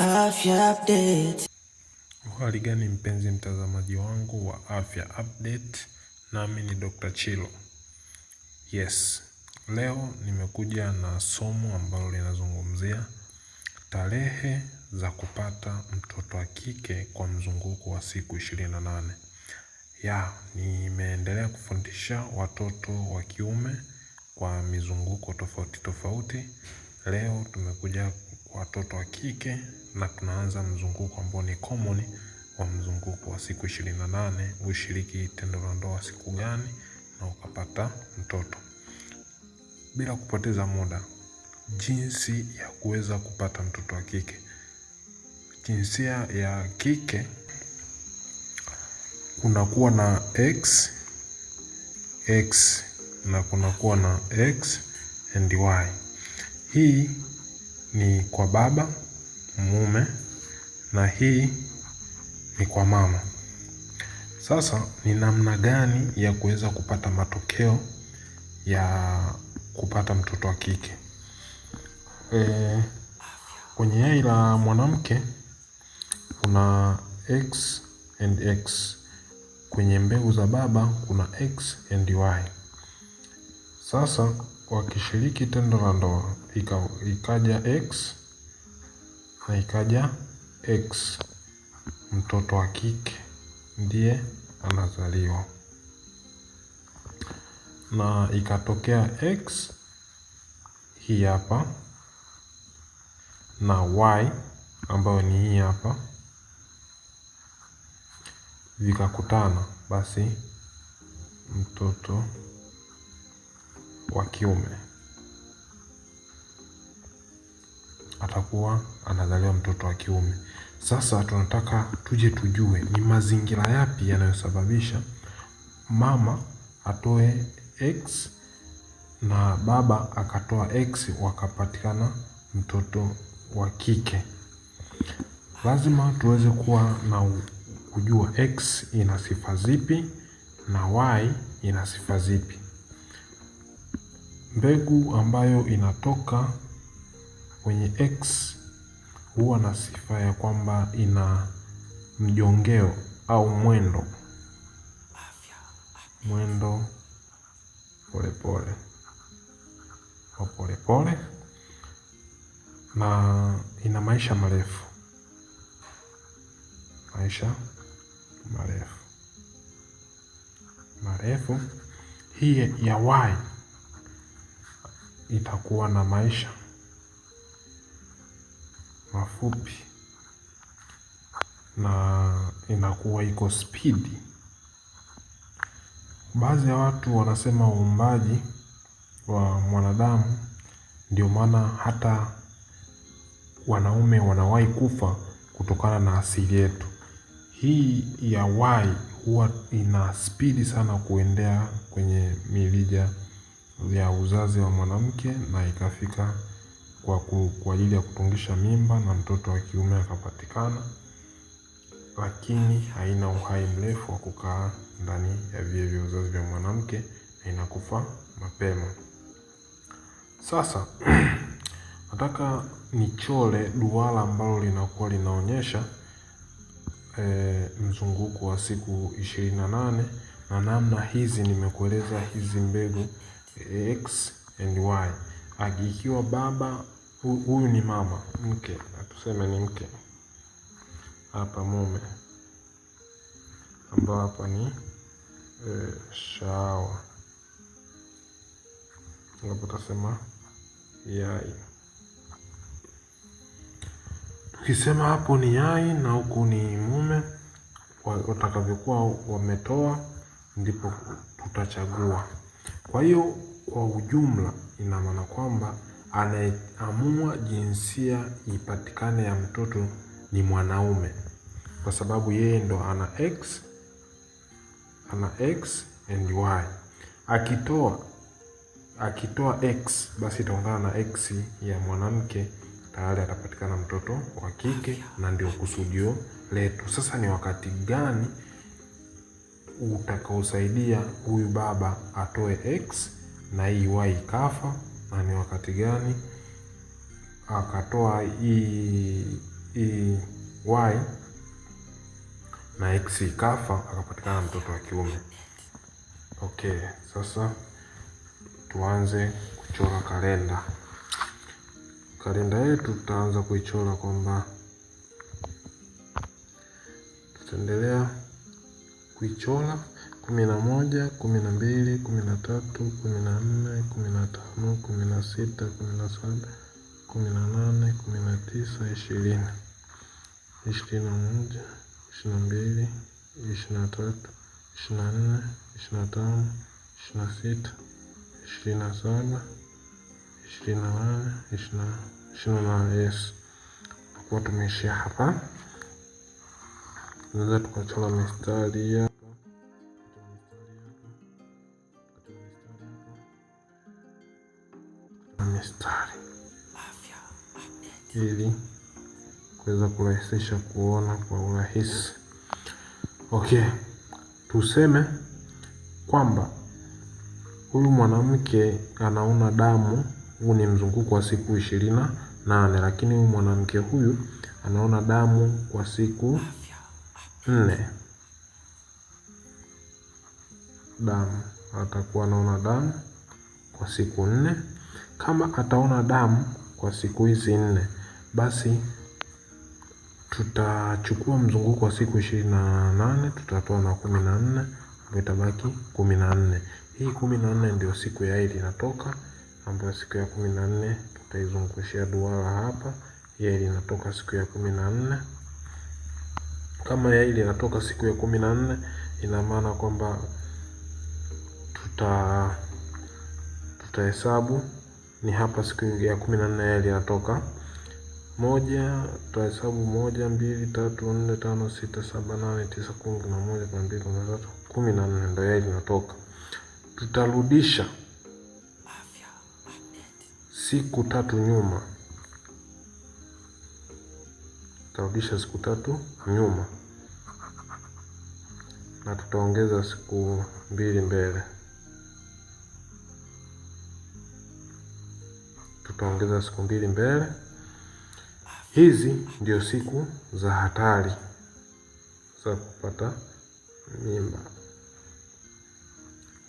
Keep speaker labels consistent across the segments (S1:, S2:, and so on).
S1: Afya Update. Uhali gani mpenzi mtazamaji wangu wa Afya Update, nami ni Dr. Chilo. Yes, leo nimekuja na somo ambalo linazungumzia tarehe za kupata mtoto wa kike kwa mzunguko wa siku ishirini na nane. Ya, nimeendelea kufundisha watoto wa kiume kwa mizunguko tofauti tofauti. Leo tumekuja watoto wa kike na tunaanza mzunguko ambao ni common wa mzunguko wa siku ishirini na nane ushiriki tendo la ndoa siku gani na ukapata mtoto. Bila kupoteza muda, jinsi ya kuweza kupata mtoto wa kike. Jinsia ya kike kunakuwa na x x na kunakuwa na x and y. Hii ni kwa baba mume na hii ni kwa mama. Sasa ni namna gani ya kuweza kupata matokeo ya kupata mtoto wa kike? E, kwenye yai la mwanamke kuna X and X, kwenye mbegu za baba kuna X and Y. Sasa wakishiriki tendo la ndoa ika, ikaja x na ikaja x, mtoto wa kike ndiye anazaliwa na ikatokea x hii hapa na y ambayo ni hii hapa, vikakutana, basi mtoto wa kiume atakuwa anazaliwa mtoto wa kiume. Sasa tunataka tuje tujue ni mazingira yapi yanayosababisha mama atoe X na baba akatoa X wakapatikana mtoto wa kike. Lazima tuweze kuwa na kujua X ina sifa zipi na Y ina sifa zipi. Mbegu ambayo inatoka kwenye X huwa na sifa ya kwamba ina mjongeo au mwendo mwendo polepole wa polepole na ina maisha marefu maisha marefu marefu hii ya Y itakuwa na maisha mafupi na inakuwa iko spidi. Baadhi ya watu wanasema uumbaji wa mwanadamu ndio maana hata wanaume wanawahi kufa kutokana na asili yetu hii ya wai huwa ina spidi sana kuendea kwenye mirija vya uzazi wa mwanamke na ikafika kwa ajili ya kutungisha mimba na mtoto wa kiume akapatikana, lakini haina uhai mrefu wa kukaa ndani ya vile vya uzazi vya mwanamke na inakufa mapema. Sasa nataka nichole duara ambalo linakuwa linaonyesha e, mzunguko wa siku ishirini na nane na namna hizi nimekueleza hizi mbegu x and y. akiikiwa baba huyu ni mama mke, tuseme ni mke hapa, mume ambao hapa ni e, shawa, ambapo tasema yai. Tukisema hapo ni yai na huku ni mume, watakavyokuwa wametoa ndipo tutachagua. Kwa hiyo kwa ujumla ina maana kwamba anayeamua jinsia ipatikane ya mtoto ni mwanaume, kwa sababu yeye ndo ana x ana x and y. Akitoa akitoa x basi itaungana na x ya mwanamke, tayari atapatikana mtoto wa kike, na ndio kusudio letu. Sasa ni wakati gani utakaosaidia huyu baba atoe x na hii y ikafa, na ni wakati gani akatoa hii hii y na x ikafa, akapatikana mtoto wa kiume. Okay, sasa tuanze kuchora kalenda. Kalenda yetu tutaanza kuichora kwamba tutaendelea kuichora kumi na moja, kumi na mbili, kumi na tatu, kumi na nne, kumi na tano, kumi na sita, kumi na saba, kumi na nane, kumi na tisa, ishirini. Ishirini na moja, ishirini na mbili, ishirini na tatu, ishirini na nne, ishirini na tano, ishirini na sita, ishirini na saba, ishirini na nane, ishirini na nane. Yes, nakuwa tumeishia hapa, tunaweza tukachora mistari ya ili kuweza kurahisisha kuona kwa urahisi. Okay, tuseme kwamba huyu mwanamke anaona damu, huu ni mzunguko wa siku ishirini na nane, lakini huyu mwanamke huyu anaona damu kwa siku nne. Damu atakuwa anaona damu kwa siku nne. Kama ataona damu kwa siku hizi nne basi tutachukua mzunguko wa siku ishirini na nane tutatoa na kumi na nne ambayo itabaki kumi na nne. Hii kumi na nne ndio siku ya Idi inatoka, ambayo siku ya kumi na nne tutaizungushia duara hapa. Ya Idi inatoka siku ya kumi na nne. Kama ya Idi inatoka siku ya kumi na nne, ina maana kwamba tuta tutahesabu ni hapa siku ya kumi na nne ya Idi inatoka moja, tutahesabu moja, mbili, tatu, nne, tano, sita, saba, nane, tisa, kumi, kumi na moja, kumi na mbili, kumi na tatu, kumi na nne, ndo yai linatoka. Tutarudisha siku tatu nyuma, tutarudisha siku tatu nyuma na tutaongeza siku mbili mbele, tutaongeza siku mbili mbele Hizi ndio siku za hatari za kupata mimba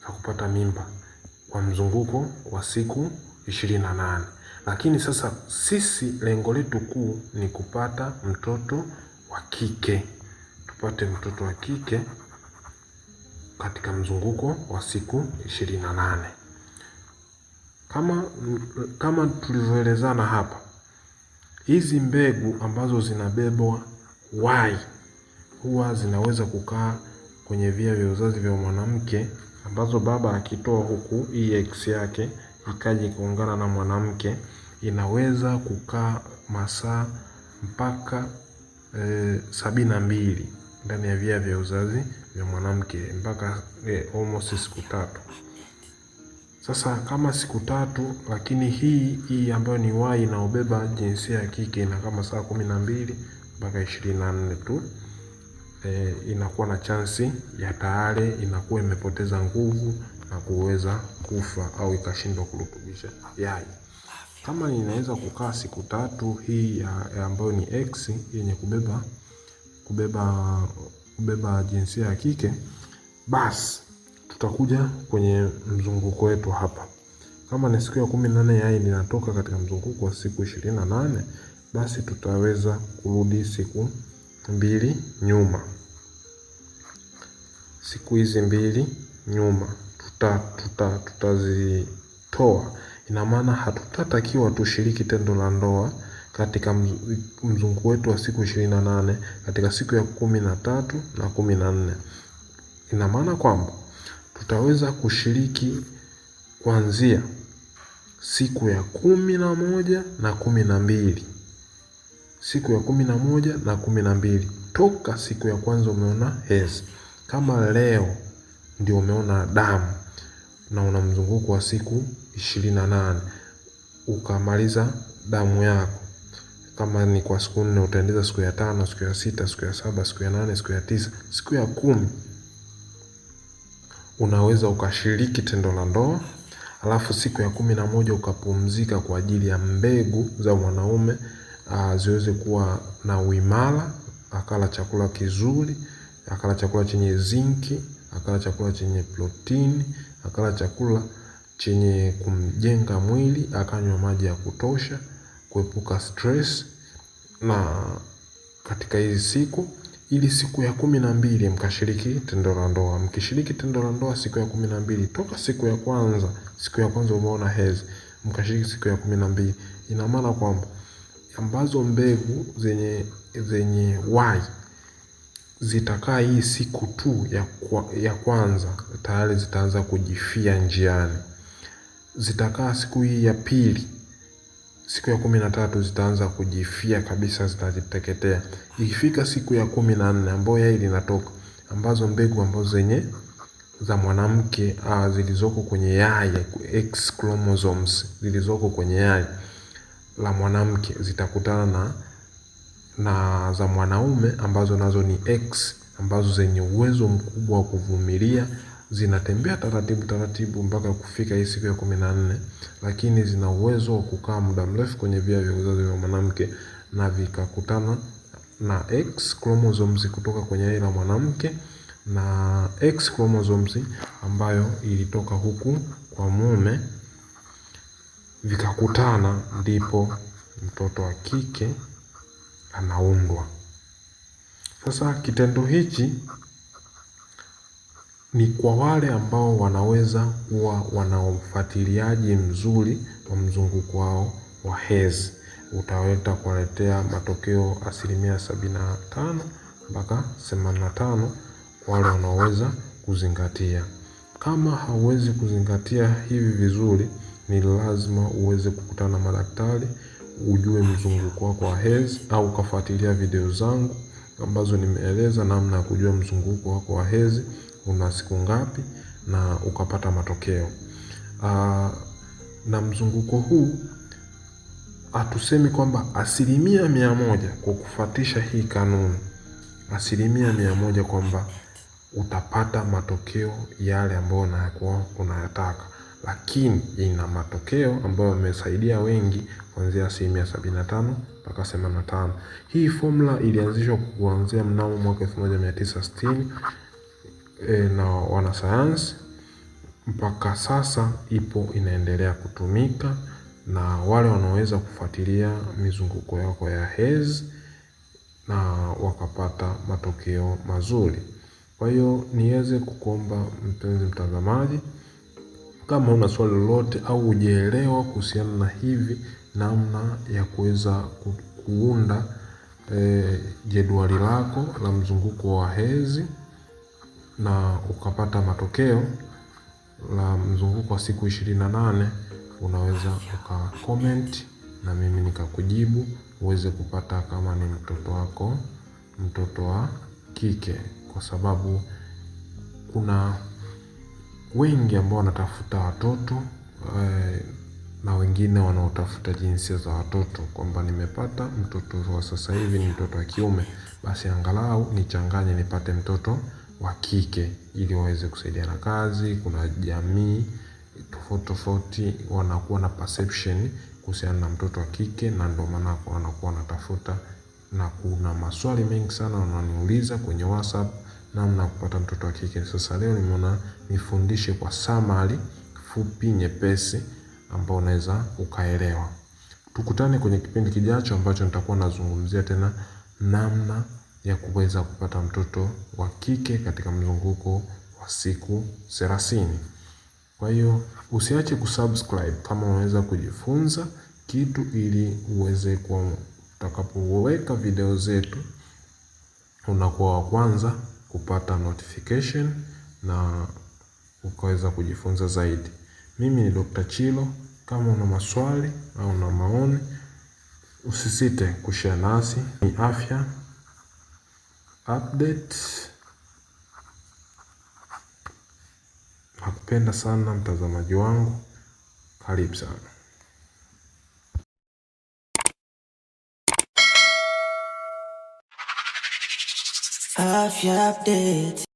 S1: za kupata mimba kwa mzunguko wa siku ishirini na nane. Lakini sasa sisi lengo letu kuu ni kupata mtoto wa kike, tupate mtoto wa kike katika mzunguko wa siku ishirini na nane kama, kama tulivyoelezana hapa. Hizi mbegu ambazo zinabebwa wai huwa zinaweza kukaa kwenye via vya uzazi vya mwanamke, ambazo baba akitoa huku hii e x yake ikaja ikaungana na mwanamke, inaweza kukaa masaa mpaka e, sabini na mbili ndani ya via vya uzazi vya mwanamke mpaka e, almost siku tatu. Sasa kama siku tatu, lakini hii hii ambayo ni Y inaobeba jinsia ya kike ina kama saa kumi na mbili mpaka ishirini na nne tu e, inakuwa na chansi ya tayari inakuwa imepoteza nguvu na kuweza kufa au ikashindwa kurutubisha yai. Kama inaweza kukaa siku tatu, hii ambayo ni X yenye kubeba kubeba kubeba jinsia ya kike basi tutakuja kwenye mzunguko wetu hapa. Kama ni siku ya kumi na nane yai linatoka katika mzunguko wa siku ishirini na nane basi tutaweza kurudi siku mbili nyuma, siku hizi mbili nyuma tuta tuta tutazitoa. Ina maana hatutatakiwa tushiriki tendo la ndoa katika mzunguko wetu wa siku ishirini na nane katika siku ya kumi na tatu na kumi na nne ina maana kwamba utaweza kushiriki kuanzia siku ya kumi na moja na kumi na mbili siku ya kumi na moja na kumi na mbili toka siku ya kwanza umeona hedhi. Kama leo ndio umeona damu na una mzunguko wa siku ishirini na nane ukamaliza damu yako, kama ni kwa siku nne, utaendeza siku ya tano, siku ya sita, siku ya saba, siku ya nane, siku ya tisa, siku ya kumi unaweza ukashiriki tendo la ndoa alafu siku ya kumi na moja ukapumzika kwa ajili ya mbegu za mwanaume ah, ziweze kuwa na uimara akala chakula kizuri akala chakula chenye zinki akala chakula chenye protini akala chakula chenye kumjenga mwili akanywa maji ya kutosha kuepuka stress na katika hizi siku ili siku ya kumi na mbili mkashiriki tendo la ndoa. Mkishiriki tendo la ndoa siku ya kumi na mbili toka siku ya kwanza, siku ya kwanza umeona hezi, mkashiriki siku ya kumi na mbili ina maana kwamba ambazo mbegu zenye zenye wai zitakaa hii siku tu ya, kwa, ya kwanza tayari zitaanza kujifia njiani, zitakaa siku hii ya pili siku ya kumi na tatu zitaanza kujifia kabisa, zitajiteketea. Ikifika siku ya kumi na nne ambayo yai linatoka, ambazo mbegu ambazo zenye za mwanamke ah, zilizoko kwenye yai X chromosomes zilizoko kwenye yai la mwanamke zitakutana na, na za mwanaume ambazo nazo ni X ambazo zenye uwezo mkubwa wa kuvumilia zinatembea taratibu taratibu mpaka kufika hii siku ya kumi na nne lakini zina uwezo wa kukaa muda mrefu kwenye via vya uzazi vya mwanamke na vikakutana na X chromosomes kutoka kwenye ile la mwanamke na X chromosomes ambayo ilitoka huku kwa mume vikakutana, ndipo mtoto wa kike anaundwa. Sasa kitendo hichi ni kwa wale ambao wanaweza kuwa wana ufuatiliaji mzuri wa mzunguko wao wa hedhi utaweta kuwaletea matokeo asilimia sabini na tano mpaka themanini na tano kwa wale wanaoweza kuzingatia. Kama hauwezi kuzingatia hivi vizuri, ni lazima uweze kukutana na madaktari, ujue mzunguko wako wa hedhi, au ukafuatilia video zangu ambazo nimeeleza namna ya kujua mzunguko wako wa hedhi una siku ngapi na ukapata matokeo. Ah, na mzunguko huu hatusemi kwamba asilimia mia moja kwa kufuatisha hii kanuni, asilimia mia moja kwamba utapata matokeo yale ambayo unayakuwa unayataka, lakini ina matokeo ambayo yamesaidia wengi kuanzia asilimia sabini na tano mpaka themanini na tano. Hii fomula ilianzishwa kuanzia mnamo mwaka elfu moja mia tisa sitini Eh, na wanasayansi mpaka sasa ipo inaendelea kutumika na wale wanaoweza kufuatilia mizunguko yako ya hedhi na wakapata matokeo mazuri. Kwa hiyo niweze kukuomba mpenzi mtazamaji, kama una swali lolote au hujaelewa kuhusiana na hivi namna ya kuweza kuunda e, jedwali lako la mzunguko wa hedhi na ukapata matokeo la mzunguko wa siku ishirini na nane unaweza ukakomenti na mimi nikakujibu uweze kupata kama ni mtoto wako mtoto wa kike, kwa sababu kuna wengi ambao wanatafuta watoto eh, na wengine wanaotafuta jinsia za watoto, kwamba nimepata mtoto wa sasa hivi ni mtoto wa kiume, basi angalau nichanganye nipate mtoto wa kike ili waweze kusaidia na kazi. Kuna jamii tofauti tofauti wanakuwa na perception kuhusiana na mtoto wa kike, na ndio maana wanakuwa wanatafuta, na kuna maswali mengi sana wananiuliza kwenye WhatsApp namna ya kupata mtoto wa kike. Sasa leo nimeona nifundishe kwa summary fupi nyepesi ambao unaweza ukaelewa. Tukutane kwenye kipindi kijacho ambacho nitakuwa nazungumzia tena namna ya kuweza kupata mtoto wa kike katika mzunguko wa siku 30. Kwa hiyo usiache kusubscribe kama unaweza kujifunza kitu ili uweze kuwa utakapoweka video zetu unakuwa wa kwanza kupata notification na ukaweza kujifunza zaidi. Mimi ni Dr. Chilo. Kama una maswali au una maoni usisite kushare nasi. Ni afya update. Nakupenda sana mtazamaji wangu, karibu sana. Afya update.